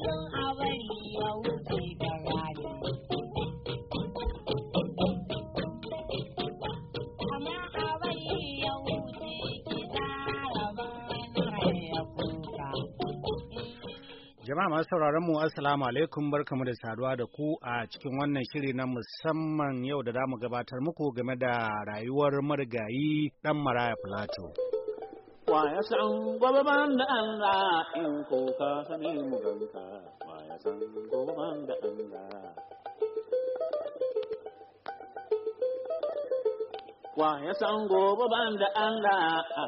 Jama'a masu sauraron mu assalamu alaikum barkamu da saduwa da ku a cikin wannan shiri na musamman yau da za mu gabatar muku game da rayuwar marigayi dan Maraya Plateau. wa ya san gobe ban da Allah in ko ka sani mu ganka wa ya san gobe ban da Allah wa ya san gobe ban da Allah a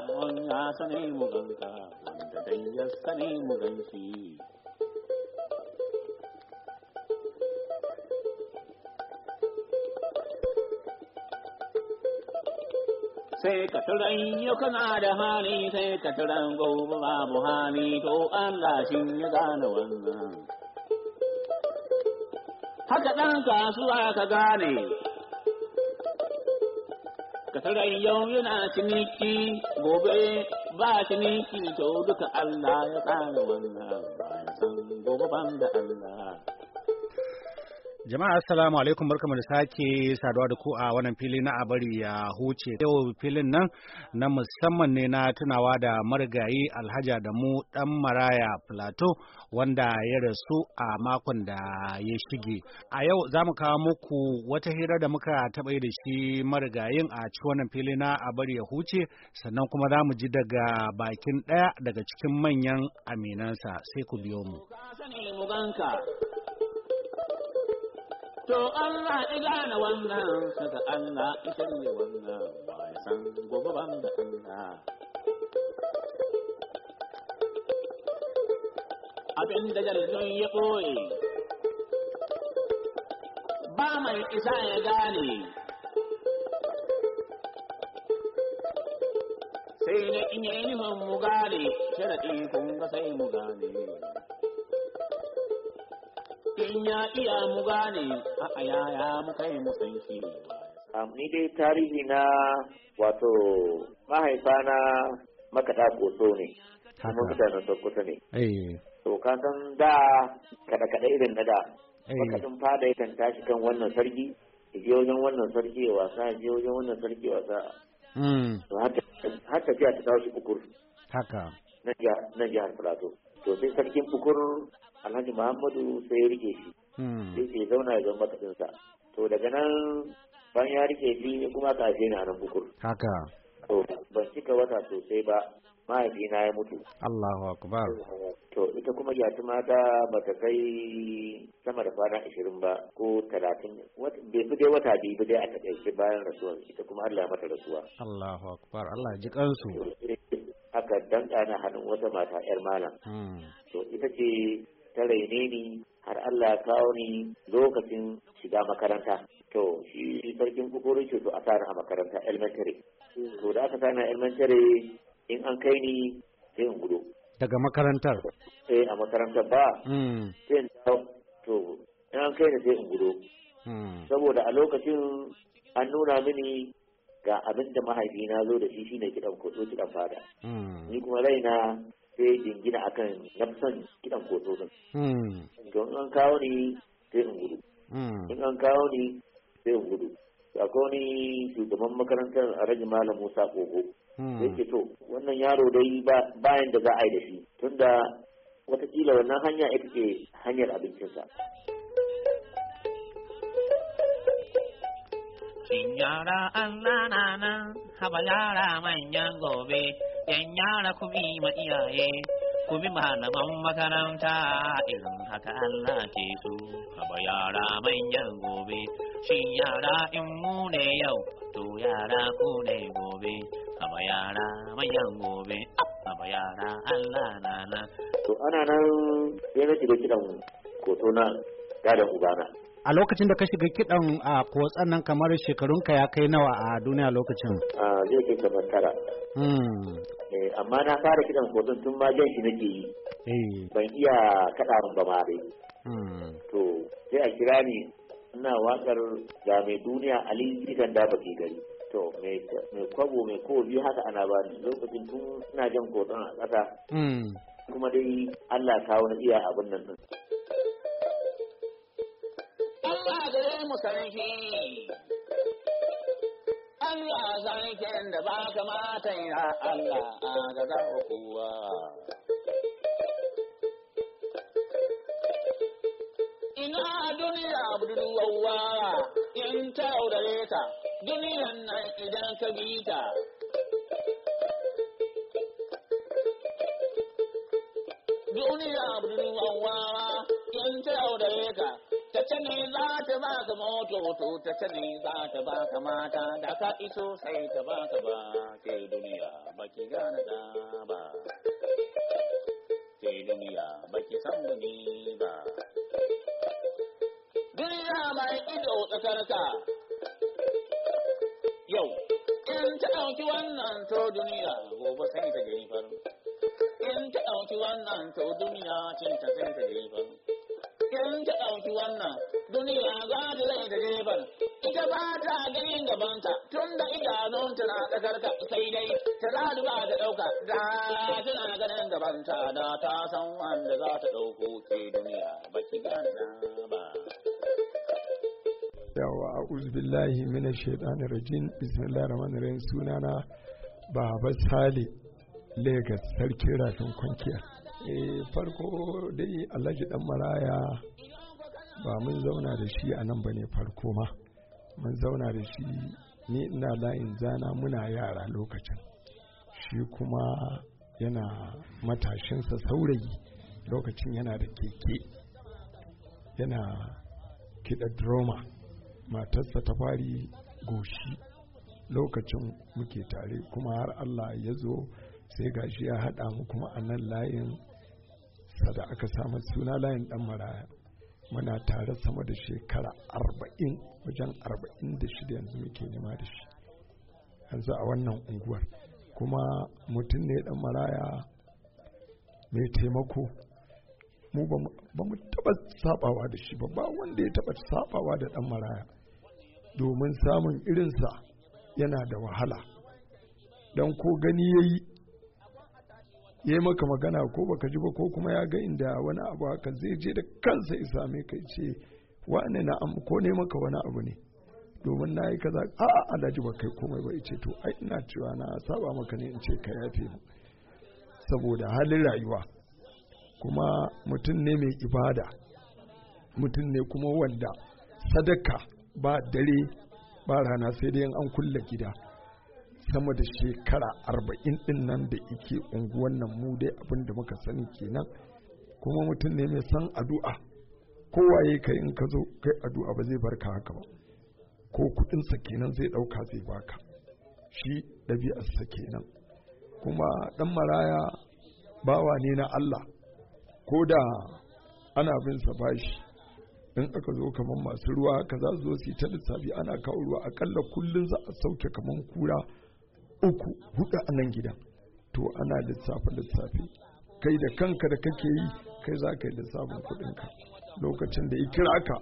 ya sani mu ganka wanda dai ya sani mu ganki sai ka turan yau kana da hali sai ka turan gobe babu hali to Allah shi ya gane wannan. Haka ɗan kasuwa ka gane, ka turan yau yana ciniki gobe ba ciniki to duka Allah ya tsara wannan bayan san gobe ban da Allah. Jama'a assalamu alaikum barkamu da sake saduwa da ku a wannan fili na abari ya huce. Yau filin nan na musamman ne na tunawa da marigayi alhaja da mu dan Maraya Plateau wanda ya rasu a makon da ya shige. A yau za mu kawo muku wata hira da muka taɓa da shi marigayin a ci wannan fili na abari ya huce sannan kuma za mu ji daga bakin ɗaya daga cikin manyan aminansa sai ku biyo mu. To Allah ya gane wannan, saka Allah ita ne wannan, ba ya san gobe ban Allah. Abin da jaridun ya ɓoye, ba mai isa ya gane. Sai na in yi mu gane, sharaɗi kun ga sai mu gane. in ya iya mu gane a ya mu kai mu san shi ni dai tarihi na wato mahaifa na makaɗa koso ne kuma mutanen sokoto ne eh. to ka san da kaɗe-kaɗe irin na da eh. makaɗin fada yakan tashi kan wannan sarki je wajen wannan sarki ya wasa je wajen wannan sarki ya wasa hmm. to har tafiya ta tashi shi bukur haka na jihar plateau to sai sarkin bukur alhaji muhammadu sai ya rike shi hmm. sai sai zauna ya zama kasinsa to daga nan ban ya rike shi kuma ka je na nan bukur haka to ban cika wata sosai ba mahaifina ya mutu Allahu akbar to ita kuma yati mata bata kai sama da kwana ashirin ba ko talatin bai fi wata biyu ba a takaice bayan rasuwa ita kuma Allah ya mata rasuwa Allahu akbar Allah ji kansu aka danka na hannun wata mata yar malam hmm. to ita ce ta raine ni har Allah ya kawo ni lokacin shiga makaranta to shi sarkin ce to a tsarin a makaranta elementary to da aka tsarin elementary in an kai ni sai in gudu daga makarantar eh a makarantar ba hmm. sai in to in an kai ni sai in gudu hmm. saboda a lokacin an nuna mini ga abin da mahaifina zo da shi shine kiɗan koto kiɗan fada hmm. ni kuma raina sai jingina akan kan fi son kiɗan koto din don an kawo ni sai in gudu in an kawo ni sai in gudu hmm. akwai wani shugaban makarantar a rage malam musa kogo ke hmm. to wannan yaro dai bayan da za a yi da shi tunda watakila wannan hanya ita ce hanyar abincinsa Shin yara Allah na nan, haba yara manyan gobe, yan yara ku bi ma iyaye ku bi malaman makaranta irin haka Allah ke so kaba yara manyan gobe shi yara in mu ne yau to yara ku ne gobe kaba yara manyan gobe kaba yara Allah na na to ana nan sai na shiga kidan na gadan ubana a lokacin da ka shiga kiɗan a kotsan nan kamar shekarunka ya kai nawa a duniya lokacin? A zai da tara. Hmm. Eh, amma na fara kiɗan kotsan tun ma jan shi nake yi. Eh. Ban iya kaɗa ba mare hmm. To sai a kira ni ina waƙar ga mai duniya Ali Ikan da ba gari. To mai kwabo mai kobi haka ana bani lokacin tun ina jan kotsan a kasa hmm. Kuma dai Allah kawo na iya abin nan. gare mu sarki. Allah sarkin da ba kamata ya Allah a ga kowa. Ina duniya budurwawa in ta yaudare ta, duniyan nan idan ka bi ta. Duniya budurwawa in ta yaudare ka, ta ne za ta ba ka moto to ta ne za ta ba ka mata da ka iso sai ta ba ka ba ke duniya ba ki gane da ba ke duniya ba ki san da ni ba duniya mai ido tsakarka yau in ta ɗauki wannan to duniya gobe sai ta jefar in ta ɗauki wannan to duniya cin ta sai ta jefar in ta ɗauki wannan duniya za ta zai da gefen ita ba ta ganin gabanta tun da idanunta na ka, sai dai ta za ta ba ta ɗauka da tana ganin gabanta da ta san wanda za ta ɗauko ke duniya ba ki gana ba. yawa a uzbillahi mina shaidanin rajin bismillah rahman rahim sunana baba sale Legas sarkin rafin kwanciya. Eh, farko dai alhaji dan maraya ba mun zauna da shi a nan ba ne farko ma mun zauna da shi ni ina layin zana muna yara lokacin shi kuma yana matashinsa saurayi lokacin yana da keke yana kiɗa droma matarsa ta fari goshi lokacin muke tare kuma har allah ya zo sai gashi ya haɗa mu kuma a nan layin sada aka samu suna layin dan maraya muna tare sama da shekara arba'in wajen arba'in da shida yanzu muke nema da shi yanzu a wannan unguwar kuma mutum ne dan maraya mai taimako mu ba mu taba sabawa da shi ba ba wanda ya taba sabawa da dan maraya domin samun irinsa yana da wahala dan ko gani yayi ya yi maka magana ko baka ji ba ko kuma ya ga inda wani abu haka zai je da kansa ya same ka ce wani na am ko ne maka wani abu ne domin na yi kaza a alhaji ba kai komai ba ce to ai ina cewa na saba maka ne in ce ka yafe mu saboda halin rayuwa kuma mutum ne mai ibada mutum ne kuma wanda sadaka ba dare ba rana sai dai an kulle gida sama da shekara arba'in din nan da ike unguwan nan mu dai abin da muka sani kenan kuma mutum ne mai san addu'a kowaye ka in ka zo kai addu'a ba zai barka haka ba ko kudinsa kenan zai ɗauka zai baka shi ɗabi'arsa kenan kuma ɗan maraya bawa ne na Allah ko da ana bin sa bashi in aka zo kamar masu ruwa ka za su zo su yi ta lissafi ana kawo ruwa akalla kullum za a sauke kamar kura uku hudu a nan gidan to ana lissafi lissafi kai da kanka da kake yi kai za ka yi lissafin kuɗinka lokacin da ya kira ka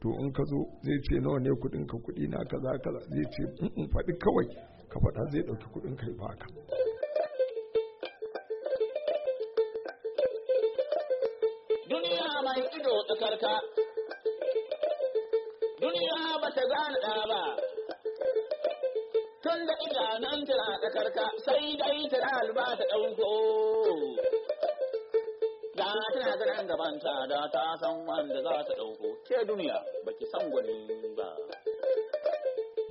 to in ka zo zai ce nawa ne kuɗinka kuɗi na kaza kaza zai ce in mm, mm, faɗi kawai ka faɗa zai ɗauki kudinka ya baka nan tana tsakarka sai dai ta alba ta ɗauko. Da tana ganin gabanta da ta san wanda za ta ɗauko. Ke duniya baki san gwani ba.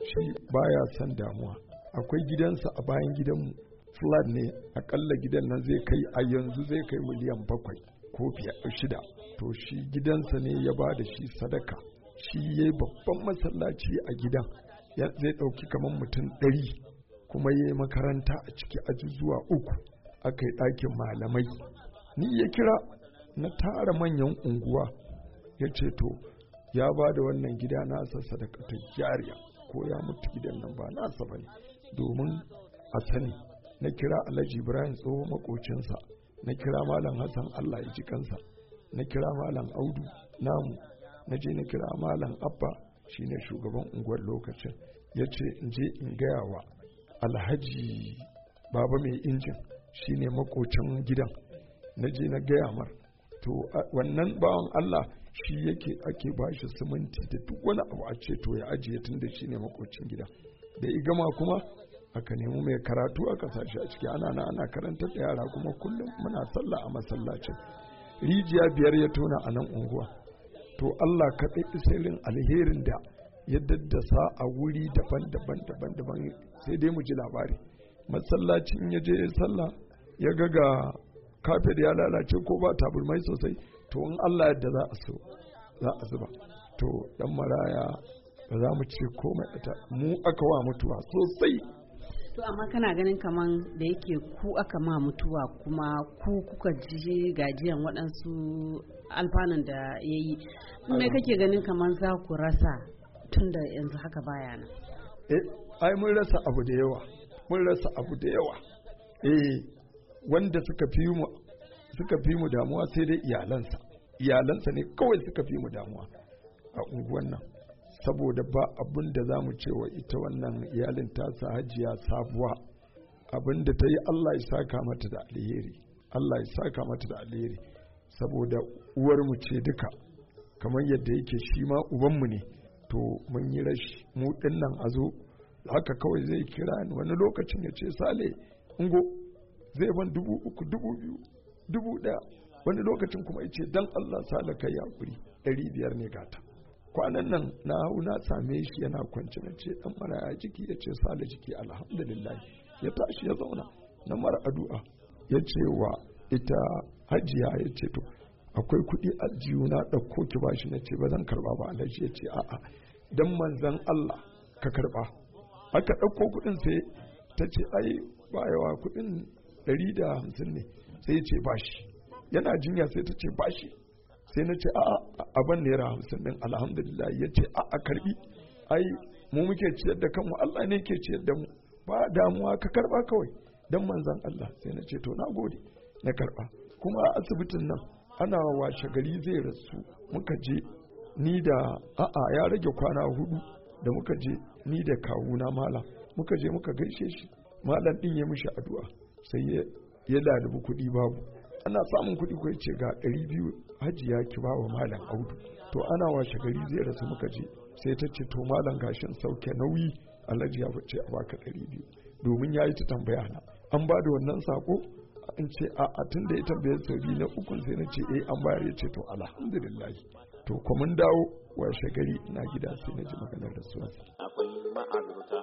Shi baya son damuwa. Akwai gidansa a bayan gidanmu. Flat ne aƙalla gidan nan zai kai a yanzu zai kai miliyan bakwai ko fiye shida. To shi gidansa ne ya ba da shi sadaka. Shi ya yi babban masallaci a gidan. zai ɗauki kamar mutum ɗari kuma ya yi makaranta a ciki ajuzuwa uku aka yi ɗakin malamai ni ya kira na tara manyan unguwa ya ce to ya ba da wannan gida nasa ta jariya ko ya mutu gidan nan ba nasa ba domin a sani na kira alhaji ibrahim tsohon makocinsa na kira malam hassan allah ya ji kansa na kira malam audu namu na je na kira malam abba shi shine shugaban unguwar lokacin ya ce in je in gaya wa alhaji baba mai injin shine makocin gidan na je na gaya mar to wannan bawan Allah shi yake ake bashi siminti da duk wani abu a ce to ya ajiye tun da shine makocin gidan da i gama kuma aka nemi mai karatu a kasashe a ciki ana na ana karantar da yara kuma kullum muna sallah a masallacin rijiya biyar ya tona a nan unguwa to Allah kaɗai isirin alherin da ya daddasa a wuri daban-daban daban-daban sai dai mu ji labari masallacin ya je sallah ya ga ga kafir ya lalace ko ba taburmai sosai to in Allah yadda za a so za a zuba to dan maraya ba za mu ce komai ta mu aka wa mutuwa sosai to amma kana ganin kaman da yake ku aka ma mutuwa kuma ku kuka ji gajiyan waɗansu alfanun da ya yi me kake ganin kaman za ku rasa tun da yanzu haka baya nan eh ai mun rasa abu da yawa mun rasa abu da yawa eh wanda suka fi mu suka fi mu damuwa sai dai iyalansa iyalansa ne kawai suka fi mu damuwa a unguwan nan saboda ba abin da za mu ce wa ita wannan iyalin ta sa hajiya sabuwa abin da ta yi Allah ya saka mata da alheri Allah ya saka mata da alheri saboda uwarmu ce duka kamar yadda yake shi ma ubanmu ne to mun yi rashi mu nan a zo haka kawai zai kira ni wani lokacin ya ce sale ungo zai ban dubu uku dubu biyu dubu daya wani lokacin kuma ya ce dan allah sale kai kuri ɗari biyar ne gata kwanan nan na hau na same shi yana kwance na ce dan maraya jiki ya ce sale jiki alhamdulillah ya tashi ya zauna na mara addu'a ya ce wa ita hajiya ya ce to akwai kuɗi jiyu na ɗauko ki bashi na ce ba zan karɓa ba alhaji ya ce a'a don manzan Allah ka karɓa aka ɗauko kuɗin sai ta ce ai yawa kuɗin ɗari da hamsin ne sai ya ce bashi yana jinya sai ta ce bashi sai na ce a'a abin naira hamsin ɗin alhamdulillah ya ce a'a karɓi ai mu muke ciyar da kanmu Allah ne ke ciyar da mu ba damuwa ka karɓa kawai dan manzan Allah sai na ce to na gode na karɓa kuma a asibitin nan ana washe gari zai rasu muka je ni da a'a ya rage kwana hudu da muka je ni da kawuna malam muka je muka gaishe shi malam din ya mishi addu'a sai ya lalibi kuɗi babu ana samun kuɗi ko ce ga ɗari biyu hajiya ki bawa wa malam audu to ana washe gari zai rasu muka je sai ta ce to malam gashin sauke nauyi alhaji ya fice a baka ɗari biyu domin ya yi ta tambaya na an ba da wannan sako in ce a a tun da ya tambaye sau biyu na ukun sai na ce eh an bayar ya ce to alhamdulillah to kuma dawo washe gari na gida sai na ji maganar su akwai ma'abuta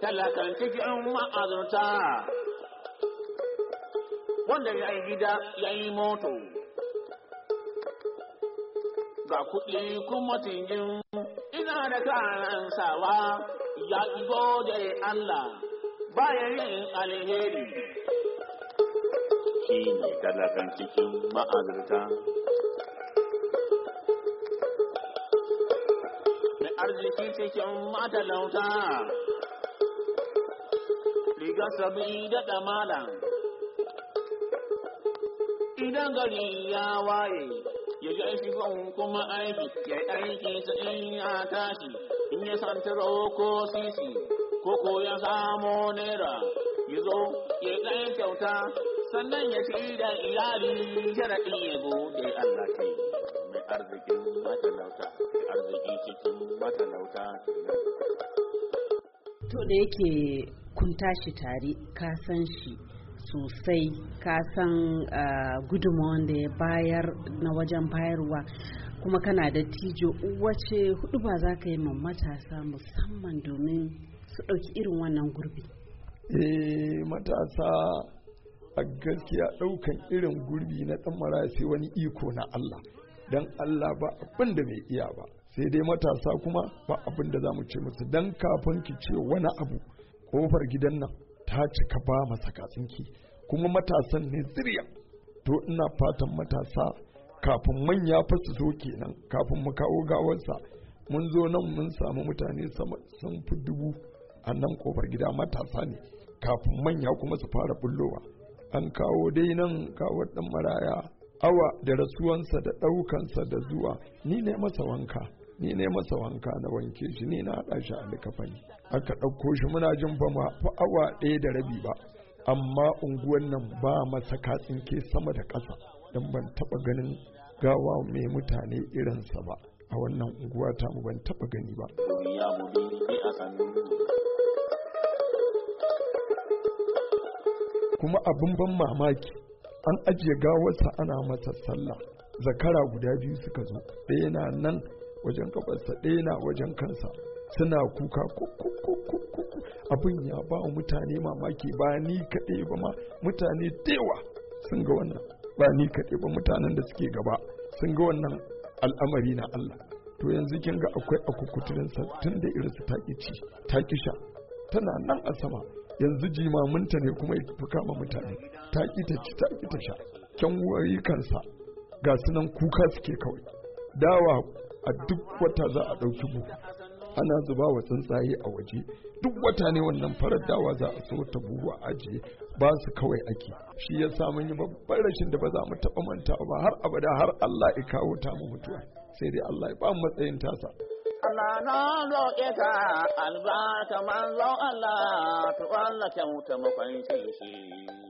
talakan cikin ma'azurta wanda ya yi gida ya yi moto ga kuɗi kuma tingin yana da kayan sawa ya igo da Allah bayan yin alheri. Shi ne talakan cikin ma'azarta. Mai arziki cikin matalauta, riga sabi da ɗamala. Idan gari ya waye, ya ji aiki son kuma aiki ya yi aiki ta in ya tashi in ya santaro ko sisi ko ko ya samo naira ya zo ya yi kyauta sannan ya ci da iyali sharaɗi ya gode Allah kai mai arzikin matalauta arziki cikin matalauta to da yake kun tashi tare ka san shi sosai kasan ah, gudunmawan da ya bayar na wajen bayarwa kuma kana da tijo wace hudu ba za ka yi ma matasa musamman domin su ɗauki irin wannan gurbi eh matasa a gaskiya ɗaukan irin gurbi na ɗan marasi wani iko na Allah don Allah ba abin da bai iya ba sai dai matasa kuma ba abin da za mu ce musu don kafin ki ce wani abu kofar gidan nan ta cika ba masa katsinki kuma matasan ne zirya to ina fatan matasa kafin manya fa su zo kenan kafin mu kawo gawarsa mun zo nan mun samu mutane sun fi dubu a nan kofar gida matasa ne kafin manya kuma su fara bullowa an kawo dai nan kawo dan maraya awa da rasuwansa da ɗaukansa da zuwa ni ne masa wanka ni ne masa wanka na wanke shi ni na haɗa shi a likafani aka ɗauko shi muna jin ba ma fa awa ɗaya da rabi ba amma unguwan nan ba masa katsin ke sama da ƙasa don ban taɓa ganin gawa mai mutane irinsa ba a wannan unguwa ta mu ban taɓa gani ba kuma abin ban mamaki an ajiye gawarsa ana masa sallah zakara guda biyu suka zo ɗaya na nan wajen gabansa ɗaya na wajen kansa suna kuka abin ya ba mutane mamaki ba ni kaɗai ba ma mutane dewa sun ga wannan ba ni kaɗai ba mutanen da suke gaba sun ga wannan al'amari na Allah to yanzu kin ga akwai akukuturinsa tun da irinsu taƙi ci taƙi sha tana nan a sama yanzu jimaminta ne kuma ya fi kama mutane taƙi ta ci taƙi ta sha kyan wari kansa ga sunan kuka suke kawai dawa a duk wata za a ɗauki buhu ana zuba wa tsuntsaye a waje duk wata ne wannan farar dawa za a so ta buhu a ajiye ba su kawai ake shi ya sa yi babban rashin da ba za mu taɓa manta ba har abada har Allah ya kawo ta mu mutuwa sai dai Allah ya ba mu matsayin tasa Allah na roƙe ka albarka manzo Allah to Allah mafanci shi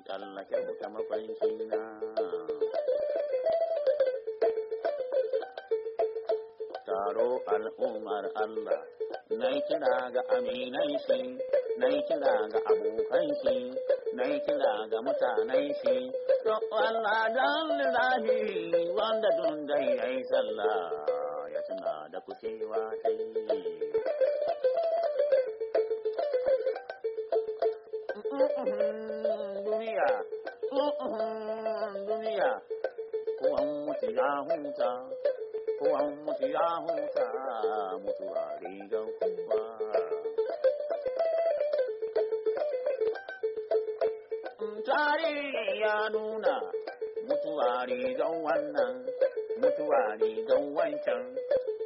Allah mafanci na taro al'ummar Allah, nai kira ga aminai shi, nai kira ga abokan shi, nai kira ga mutanen shi, to Allah don lillahi wanda dun dai sallah ya tuna da kusewa ta Duniya, duniya, kuwan mutu ya huta. uwan mutu ya huta mutuwa rigar kuma tarihi ya nuna mutuwa rigar wannan mutuwa rigar wancan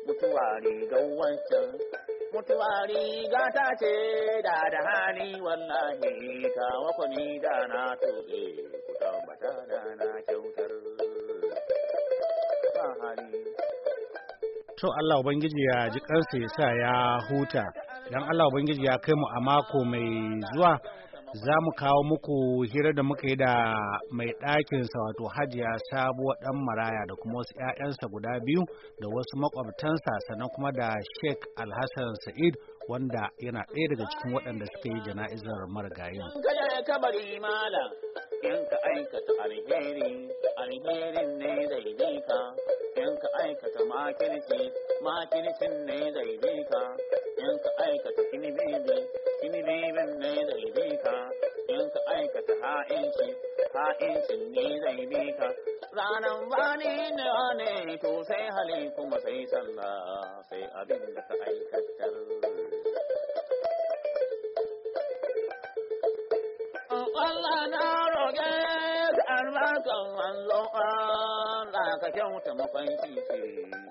mutuwa rigar wancan mutuwa ga ta ce da da hali wallahi kawo kwani da na tuɗe so Allah Ubangiji ya ji kansa ya sa ya huta idan Allah Ubangiji ya kai mu a mako mai zuwa za mu kawo muku hira da muka yi da mai ɗakinsa wato hajiya sabuwa ɗan maraya da kuma wasu 'ya'yansa guda biyu da wasu makwabtansa sannan kuma da sheikh alhassan sa'id wanda yana ɗaya daga cikin waɗanda suka yi jana'izar marigayin. alheri, alherin ne da in ka aikata makirci makircin ne zai ka in ka aikata kini kinibibin ne zai ka in ka aikata ha'inci ha'incin ne zai ka ranar bani ne ne to sai hali kuma sai sallah sai abin da ka aikatar Allah na roƙe kan manzon ka wuta mafarki ce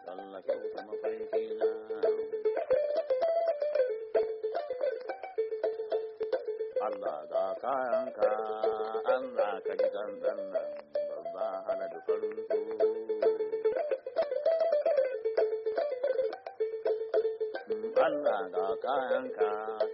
Allah wuta mafarki na Allah ga kayanka Allah ka ji kan nan ba hana da farko Allah ga kayanka